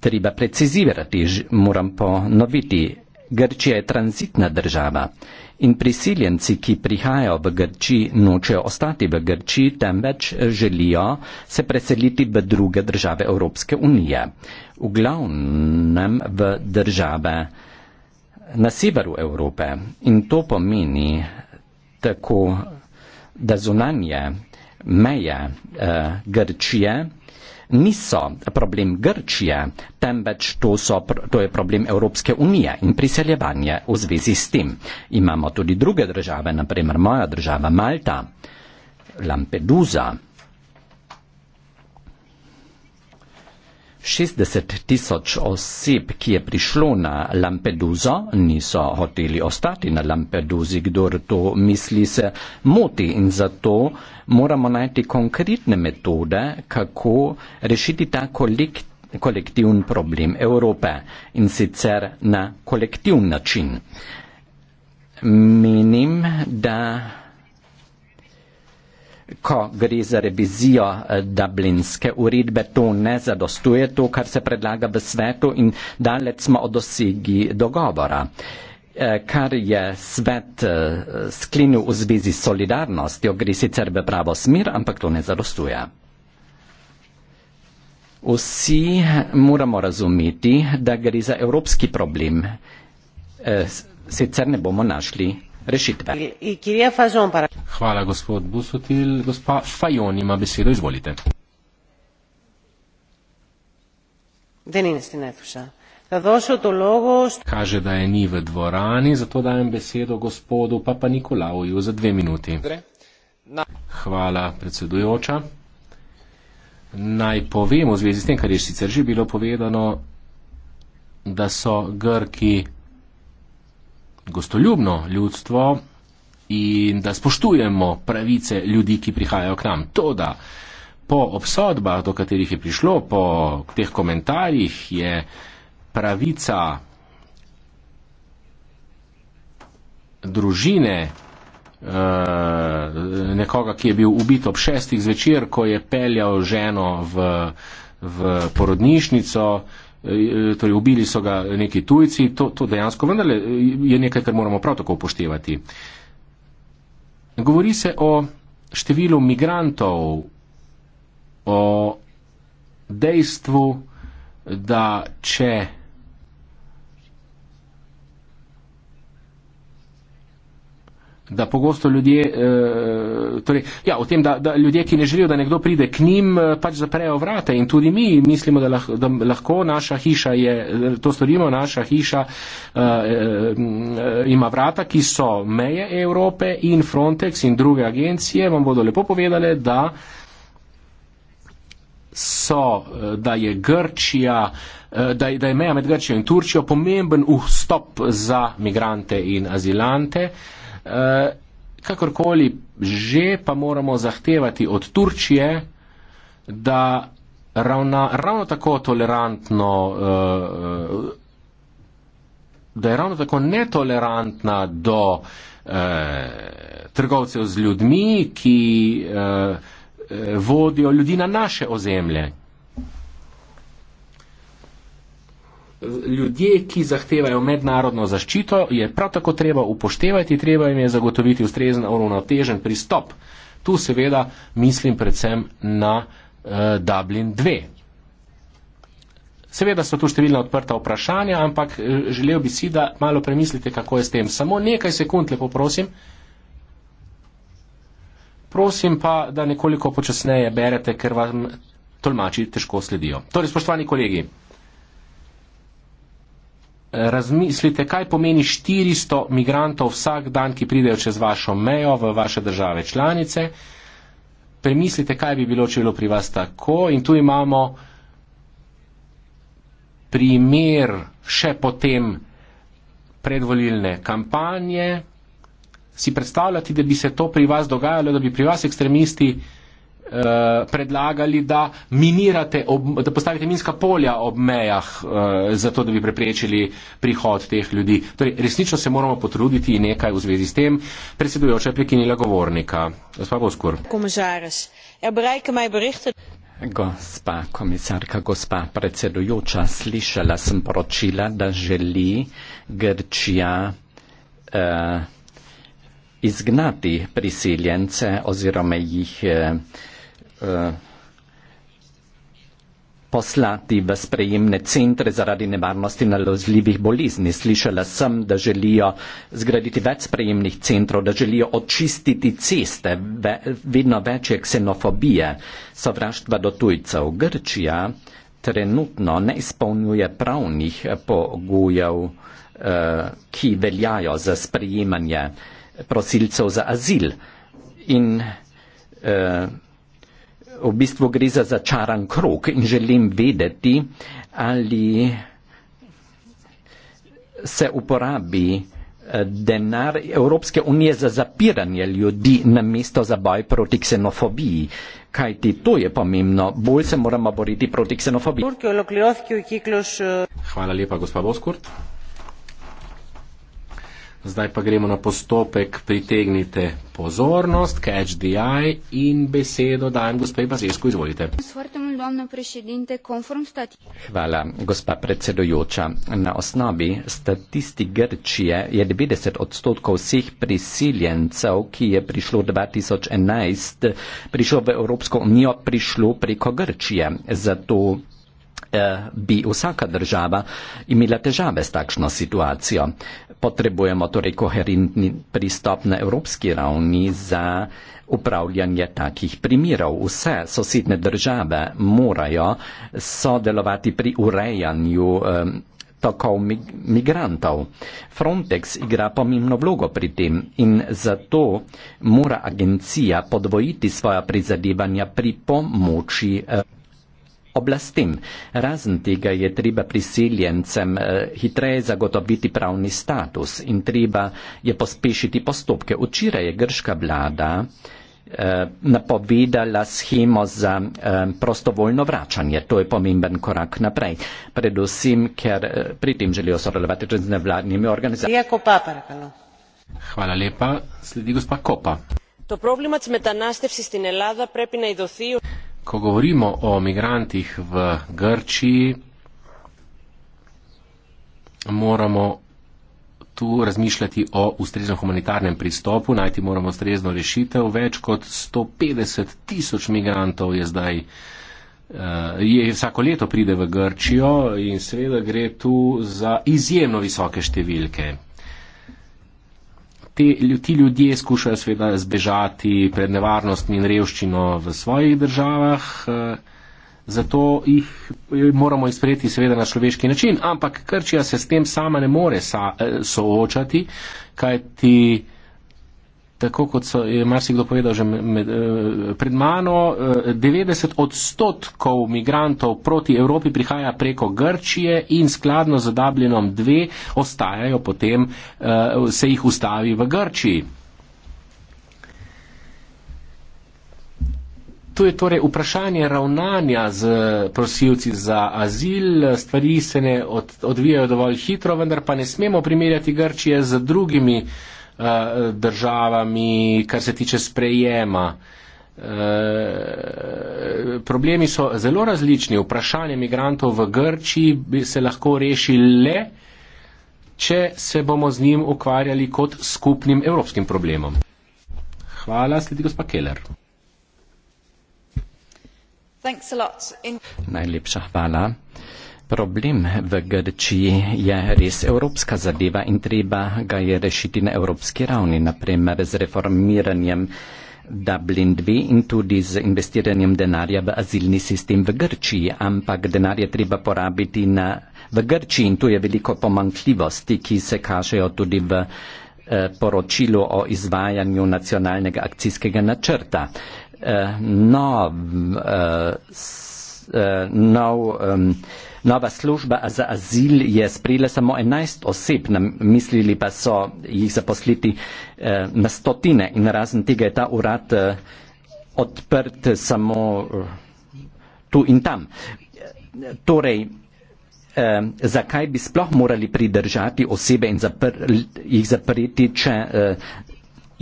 Speaker 4: treba precizirati, moram ponoviti. Grčija je tranzitna država In prisiljenci, ki prihajajo v Grči, nočejo ostati v Grči, temveč eh, želijo se preseliti v druge države Evropske unije, v glavnem v države na severu Evrope. In to pomeni tako, da zunanje meje eh, Grčije, niso problem Grčije, temveč to, so, to je problem Evropske unije in priseljevanje v zvezi s tem. Imamo tudi druge države, naprimer moja država Malta, Lampedusa, 60 tisoč oseb, ki je prišlo na Lampeduzo, niso hoteli ostati na Lampeduzi, kdor to misli se moti in zato moramo najti konkretne metode, kako rešiti ta kolektiv kolektivni problem Evrope in sicer na kolektivni način. Menim, da ko gre za revizijo eh, dublinske uredbe, to ne zadostuje to, kar se predlaga v svetu in dalec smo od dosegi dogovora. Eh, kar je svet eh, sklenil v zvezi s solidarnostjo, gre sicer v pravo smer, ampak to ne zadostuje. Vsi moramo razumeti, da gre za evropski problem.
Speaker 1: Sicer ne bomo našli rešitve. Hvala, gospod Busotil. Gospa Fajon ima besedo, izvolite. Kaže, da je ni v dvorani, zato dajem besedo gospodu Papa Nikolaju za dve minuti. Hvala, predsedujoča. Naj povem v zvezi s tem, kar je sicer že bilo povedano, da so Grki gostoljubno ljudstvo in da spoštujemo pravice ljudi, ki prihajajo k nam. To, da po obsodbah, do katerih je prišlo, po teh komentarjih, je pravica družine eh, nekoga, ki je bil ubit ob šestih zvečer, ko je peljal ženo v, v porodnišnico, torej ubili so ga neki tujci, to, to dejansko vendarle je nekaj, kar moramo prav tako upoštevati. Govori se o številu migrantov, o dejstvu, da če da pogosto ljudje, e, torej, ja, o tem, da, da ljudje, ki ne želijo, da nekdo pride k njim, eh, pač zaprejo vrate in tudi mi mislimo, da lahko, da lahko naša hiša je, eh, to storimo, naša hiša e, e, ima vrata, ki so meje Evrope in Frontex in druge agencije, vam bodo lepo povedali, da so, da je Grčija, da je, da je meja med Grčijo in Turčijo pomemben vstop za migrante in azilante. Eh, kakorkoli že pa moramo zahtevati od Turčije, da ravna, ravno tako tolerantno, uh, da je ravno tako netolerantna do uh, trgovcev z ljudmi, ki uh, vodijo ljudi na naše ozemlje, ljudje, ki zahtevajo mednarodno zaščito, je prav tako treba upoštevati, treba jim je zagotoviti ustrezen uravnotežen pristop. Tu seveda mislim predvsem na uh, Dublin 2. Seveda so tu številna odprta vprašanja, ampak eh, želel bi si, da malo premislite, kako je s tem. Samo nekaj sekund, lepo prosim. Prosim pa, da nekoliko počasneje berete, ker vam tolmači težko sledijo. Torej, spoštovani kolegi razmislite, kaj pomeni 400 migrantov vsak dan, ki pridejo čez vašo mejo v vaše države članice. Premislite, kaj bi bilo, če bilo pri vas tako. In tu imamo primer še potem predvolilne kampanje. Si predstavljati, da bi se to pri vas dogajalo, da bi pri vas ekstremisti Eh, predlagali, da, ob, da postavite minska polja ob mejah, uh, zato da bi preprečili prihod teh ljudi. Torej, resnično se moramo potruditi in nekaj v zvezi s tem. Predsedujoča je prekinila govornika. Gospa Boskur.
Speaker 3: Komisarš, ja, brajke maj berichte.
Speaker 1: Gospa komisarka,
Speaker 4: gospa predsedujoča, slišala sem poročila, da želi Grčija uh, izgnati prisiljence oziroma jih uh, Eh, poslati v sprejemne centre zaradi nevarnosti nalozljivih bolizni. Slišala sem, da želijo zgraditi več sprejemnih centrov, da želijo očistiti ceste, ve, vedno več je ksenofobije, sovraštva do tujcev. Grčija trenutno ne izpolnjuje pravnih pogojev, eh, ki veljajo za sprejemanje prosilcev za azil in eh, v bistvu gre za začaran krok in želim vedeti, ali se uporabi eh, denar Evropske unije za zapiranje ljudi na mesto za boj proti ksenofobiji. Kajti to je pomembno, bolj se moramo boriti proti
Speaker 1: ksenofobiji.
Speaker 3: Eh,
Speaker 1: Hvala lepa, gospod Boskurt. Zdaj pa gremo na postopek, pritegnite pozornost, catch the eye in besedo dajem gospe Bazesku, izvolite.
Speaker 4: Hvala, gospa predsedujoča. Na osnovi statistik Grčije je 90 odstotkov vseh prisiljencev, ki je prišlo 2011, prišlo v Evropsko unijo, prišlo preko Grčije. Zato Eh, bi vsaka država imela težave s takšno situacijo. Potrebujemo torej koherentni pristop na evropski ravni za upravljanje takih primerov. Vse sosedne države morajo sodelovati pri urejanju um, tokov mig migrantov. Frontex igra pomembno vlogo pri tem in zato mora agencija podvojiti svoja prizadevanja pri pomoči uh, oblastim. Razen tega je treba prisiljencem eh, hitreje zagotoviti pravni status in treba je pospešiti postopke. Včeraj je grška vlada eh, napovedala schemo za eh, prostovoljno vračanje. To je pomemben korak naprej. Predvsem, ker pri tem želijo sodelovati tudi z nevladnimi
Speaker 1: organizacijami. Hvala lepa. Sledi gospa Kopa. Ko govorimo o migrantih v Grčiji, moramo tu razmišljati o ustreznem humanitarnem pristopu, najti moramo ustrezno rešitev. Več kot 150 tisoč migrantov je zdaj, eh, je vsako leto pride v Grčijo in seveda gre tu za izjemno visoke številke te, ti ljudje skušajo seveda zbežati pred nevarnostmi in revščino v svojih državah, eh, zato jih eh, moramo izpreti seveda na človeški način, ampak Krčija se s tem sama ne more eh, soočati, kajti tako kot so, je marsikdo povedal že med, med, eh, pred mano, 90 eh, odstotkov migrantov proti Evropi prihaja preko Grčije in skladno z Dublinom 2 ostajajo potem, eh, se jih ustavi v Grčiji. Tu je torej vprašanje ravnanja z prosilci za azil. Stvari se ne odvijajo dovolj hitro, vendar pa ne smemo primerjati Grčije z drugimi uh, Eh, državami, kar se tiče sprejema. Eh, problemi so zelo različni. Vprašanje migrantov v Grčiji bi se lahko rešili le, če se bomo z njim ukvarjali kot skupnim evropskim problemom. Hvala, sledi gospa Keller. Najlepša
Speaker 4: hvala problem v Grčiji je res evropska zadeva in treba ga je rešiti na evropski ravni, naprimer z reformiranjem Dublin 2 in tudi z investiranjem denarja v azilni sistem v Grčiji, ampak denar je treba porabiti na, v Grčiji in tu je veliko pomankljivosti, ki se kažejo tudi v eh, poročilu o izvajanju nacionalnega akcijskega načrta. Eh, no, eh, s, eh, no, eh, Nova služba za azil je sprejela samo 11 oseb, mislili pa so jih zaposliti eh, na stotine in razen tega je ta urad eh, odprt samo eh, tu in tam. Torej, eh, zakaj bi sploh morali pridržati osebe in zapr jih zapreti, če eh,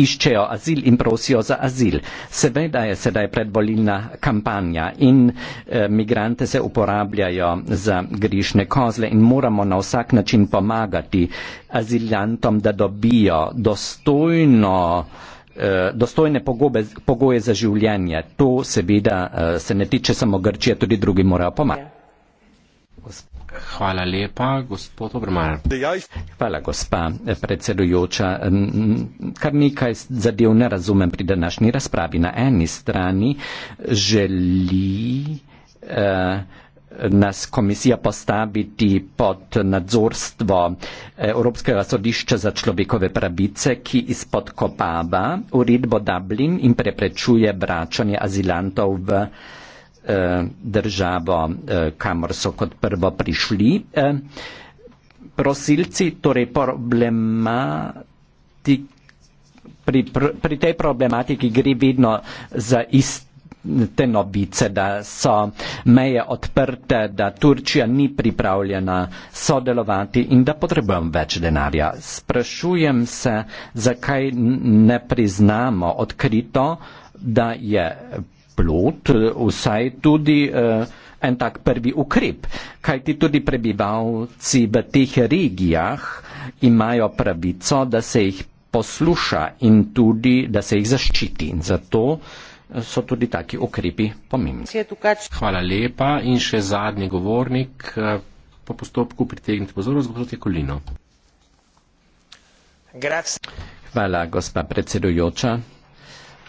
Speaker 4: iščejo azil in prosijo za azil. Seveda je sedaj predvolilna kampanja in e, migrante se uporabljajo za grišne kozle in moramo na vsak način pomagati aziljantom, da dobijo dostojno eh, dostojne pogobe, pogoje za življenje. To seveda eh, se ne tiče samo Grčije, tudi drugi morajo pomagati.
Speaker 1: Ja. Hvala lepa, gospod Obrmar. Hvala, gospa
Speaker 4: predsedujoča. Kar nekaj zadev ne razumem pri današnji razpravi. Na eni strani želi eh, nas komisija postaviti pod nadzorstvo eh, Evropskega sodišča za človekove pravice, ki izpodkopava uredbo Dublin in preprečuje vračanje azilantov v. Eh, državo, eh, kamor so kot prvo prišli. Eh, prosilci, torej problematik, pri, pri, pri tej problematiki gre vedno za isto te novice, da so meje odprte, da Turčija ni pripravljena sodelovati in da potrebujem več denarja. Sprašujem se, zakaj ne priznamo odkrito, da je plot, eh, vsaj tudi uh, en tak prvi ukrep, kajti tudi prebivalci v teh regijah imajo pravico, da se jih posluša in tudi, da se jih zaščiti. In zato
Speaker 1: eh, so tudi taki ukrepi pomembni. Hvala lepa in še zadnji govornik po postopku pritegniti pozornost, gospod Jekolino.
Speaker 4: Hvala, gospa predsedujoča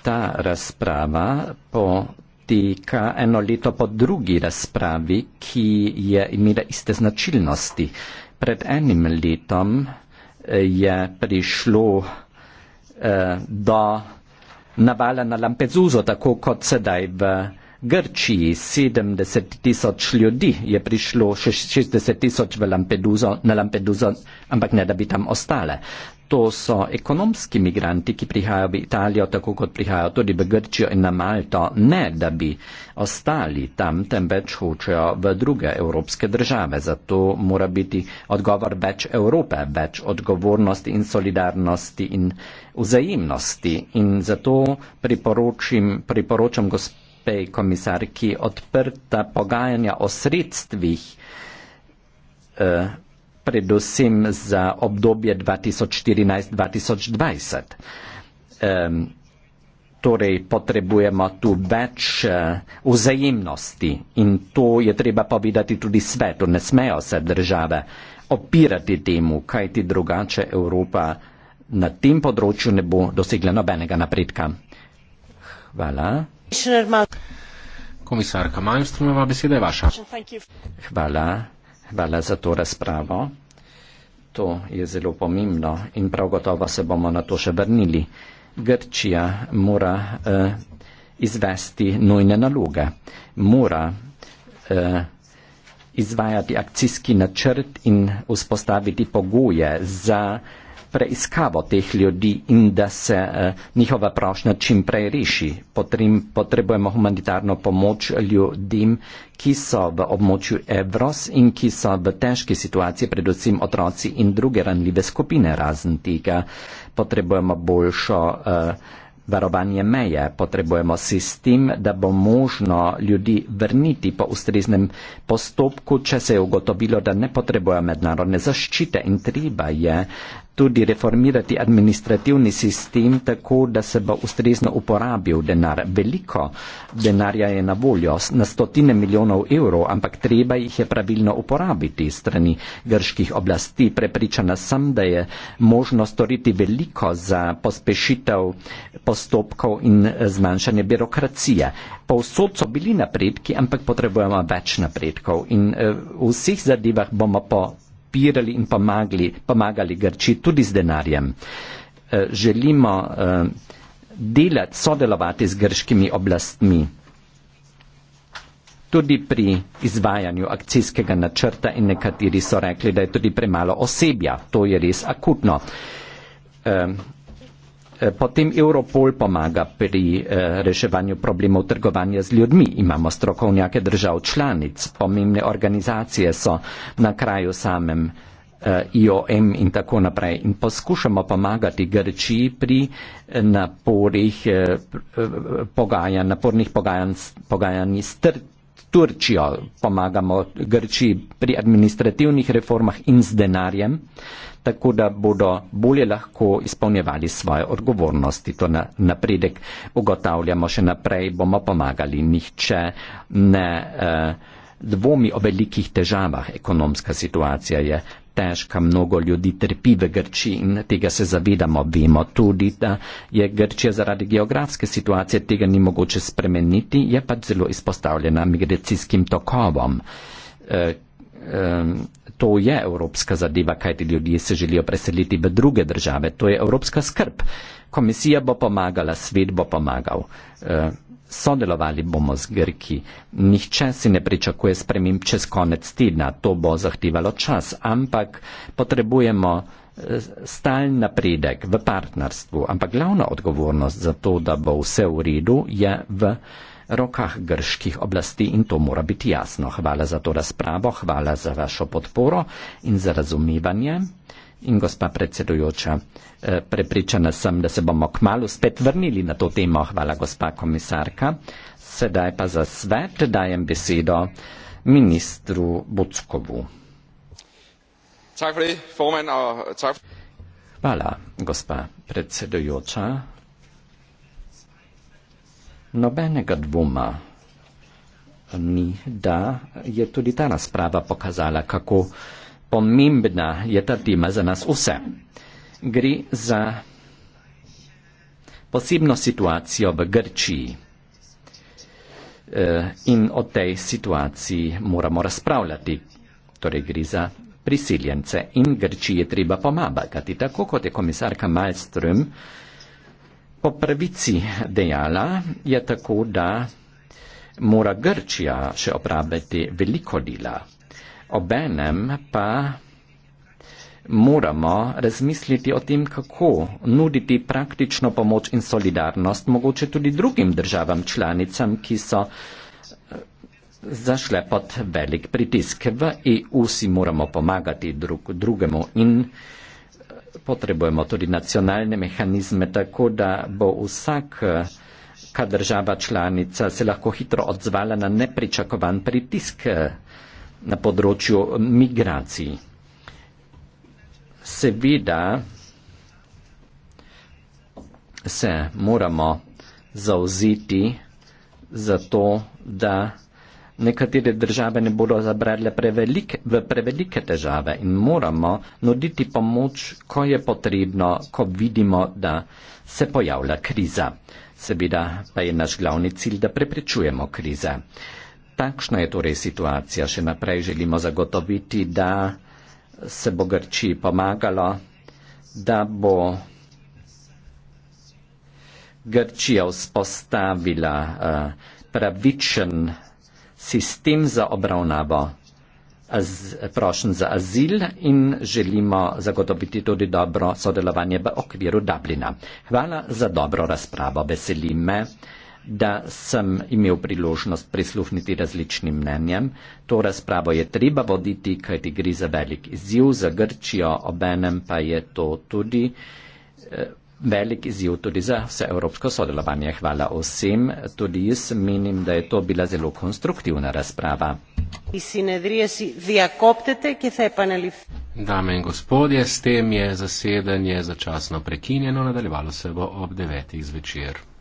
Speaker 4: ta razprava poteka eno leto po drugi razpravi, ki je imela iste značilnosti. Pred enim letom eh, je prišlo eh, do navala na Lampedusa, tako kot sedaj v Grčiji. 70 tisoč ljudi je prišlo, 60 tisoč na Lampedusa, ampak ne da bi tam ostale to so ekonomski migranti, ki prihajajo v Italijo, tako kot prihajajo tudi v Grčijo in na Malto, ne da bi ostali tam, temveč hočejo v druge evropske države. Zato mora biti odgovor več Evrope, več odgovornosti in solidarnosti in vzajemnosti. In zato priporočam, priporočam gospej komisarki odprta pogajanja o sredstvih. Eh, predvsem za obdobje 2014-2020. Um, torej potrebujemo tu več uh, vzajemnosti in to je treba povedati tudi svetu, ne smejo se države opirati temu, kajti drugače Evropa na tem področju ne bo dosegla nobenega napredka. Hvala. Komisarka Majstrumova, beseda je vaša. Hvala. Hvala za to razpravo. To je zelo pomembno in prav gotovo se bomo na to še vrnili. Grčija mora eh, izvesti nujne naloge, mora eh, izvajati akcijski načrt in vzpostaviti pogoje za preiskavo teh ljudi in da se eh, njihova prošnja čim prej reši. Potrebujemo humanitarno pomoč ljudem, ki so v območju Evros in ki so v težki situaciji, predvsem otroci in druge ranljive skupine. Razen tega potrebujemo boljšo eh, varovanje meje, potrebujemo sistem, da bo možno ljudi vrniti po ustreznem postopku, če se je ugotovilo, da ne potrebujejo mednarodne zaščite in treba je uh, tudi reformirati administrativni sistem tako, da se bo ustrezno uporabil denar. Veliko denarja je na voljo, na stotine milijonov evrov, ampak treba jih je pravilno uporabiti strani grških oblasti. Prepričana sem, da je možno storiti veliko za pospešitev postopkov in eh, zmanjšanje birokracije. Povsod so bili napredki, ampak potrebujemo več napredkov in eh, v vseh zadevah bomo po podpirali in pomagali, pomagali Grči tudi z denarjem. Eh, želimo eh, delati, sodelovati z grškimi oblastmi tudi pri izvajanju akcijskega načrta in nekateri so rekli, da je tudi premalo osebja. To je res akutno. Eh, Eh, potem Europol pomaga pri eh, reševanju problemov trgovanja z ljudmi. Imamo strokovnjake držav članic, pomembne organizacije so na kraju samem eh, IOM in tako naprej. In poskušamo pomagati Grčiji pri naporih pogajanj, napornih pogajanj s Turčijo. Pomagamo Grčiji pri administrativnih reformah in z denarjem tako da bodo bolje lahko izpolnjevali svoje odgovornosti. To na, napredek ugotavljamo še naprej, bomo pomagali. Nihče ne eh, dvomi o velikih težavah. Ekonomska situacija je težka, mnogo ljudi trpi v Grčiji in tega se zavedamo. Vemo tudi, da je Grčija zaradi geografske situacije tega ni mogoče spremeniti, je pa zelo izpostavljena migracijskim tokovom. Eh, um, to je evropska zadeva, kajti ljudje se želijo preseliti v druge države. To je evropska skrb. Komisija bo pomagala, svet bo pomagal. Um, sodelovali bomo z Grki. Nihče si ne pričakuje spremim čez konec tedna. To bo zahtevalo čas. Ampak potrebujemo eh, stalen napredek v partnerstvu. Ampak glavna odgovornost za to, da bo vse v redu, je v rokah grških oblasti in to mora biti jasno. Hvala za to razpravo, hvala za vašo podporo in za razumivanje. In gospa predsedujoča, eh, prepričana sem, da se bomo kmalo spet vrnili na to temo. Hvala, gospa komisarka. Sedaj pa za svet dajem besedo ministru Buckovu. Hvala, gospa predsedujoča nobenega dvoma ni, da je tudi ta razprava pokazala, kako pomembna je ta tema za nas vse. Gre za posebno situacijo v Grčiji eh, in o tej situaciji moramo razpravljati. Torej gre za priseljence in Grčiji je treba pomagati, tako kot je komisarka Malmström po prvici dejala, je tako, da mora Grčija še opraviti veliko dela. Obenem pa moramo razmisliti o tem, kako nuditi praktično pomoč in solidarnost mogoče tudi drugim državam članicam, ki so eh, zašle pod velik pritisk. V EU si moramo pomagati drug, drugemu in potrebujemo tudi nacionalne mehanizme, tako da bo vsak eh, ka država članica se lahko hitro odzvala na nepričakovan pritisk eh, na področju migracij. Seveda se moramo zauzeti za to, da nekatere države ne bodo zabrale prevelik, v prevelike težave in moramo nuditi pomoč, ko je potrebno, ko vidimo, da se pojavlja kriza. Seveda pa je naš glavni cilj, da preprečujemo krize. Takšna je torej situacija. Še naprej želimo zagotoviti, da se bo Grčiji pomagalo, da bo Grčija vzpostavila uh, pravičen uh, sistem za obravnavo az, prošen za azil in želimo zagotoviti tudi dobro sodelovanje v okviru Dublina. Hvala za dobro razpravo. Veseli me, da sem imel priložnost prisluhniti različnim mnenjem. To razpravo je treba voditi, kajti gre za velik izziv, za Grčijo obenem pa je to tudi. Eh, velik izjiv tudi za vse evropsko sodelovanje. Hvala vsem. Tudi jaz menim, da je to bila zelo konstruktivna razprava.
Speaker 1: Dame in gospodje, s tem je zasedanje začasno prekinjeno, nadaljevalo se bo ob devetih zvečer.